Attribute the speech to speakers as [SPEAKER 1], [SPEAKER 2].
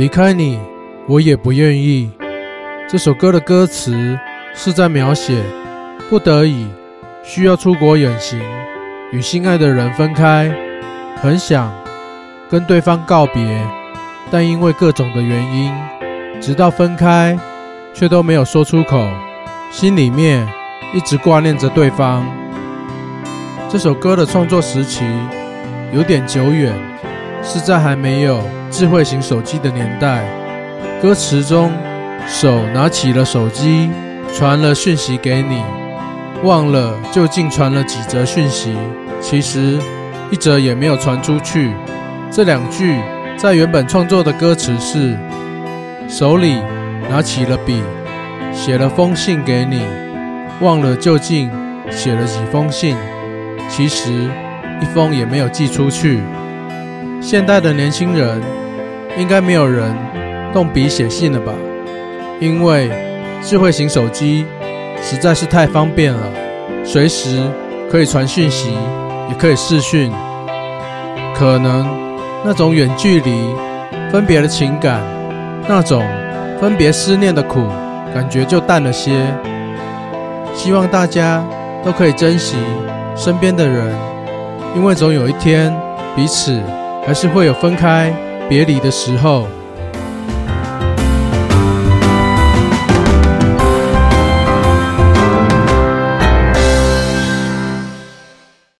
[SPEAKER 1] 離開你，我也不願意。這首歌的歌詞是在描寫不得已需要出國遠行，與心愛的人分開，很想跟對方告別，但因為各種的原因，直到分開卻都沒有說出口，心裡面一直掛念着對方。這首歌的創作時期有點久遠。是在還沒有智慧型手機的年代，歌詞中手拿起了手機，傳了訊息給你，忘了究竟傳了幾則訊息，其實一則也沒有傳出去。這兩句在原本創作的歌詞是：手裡拿起了筆，寫了封信給你，忘了究竟寫了幾封信，其實一封也沒有寄出去。現代的年輕人應該沒有人動筆寫信了吧？因為智慧型手機實在是太方便了，隨時可以傳訊息，也可以視訊。可能那種遠距離分別的情感，那種分別思念的苦，感覺就淡了些。希望大家都可以珍惜身邊的人，因為總有一天彼此，還是會有分開、別離的時候。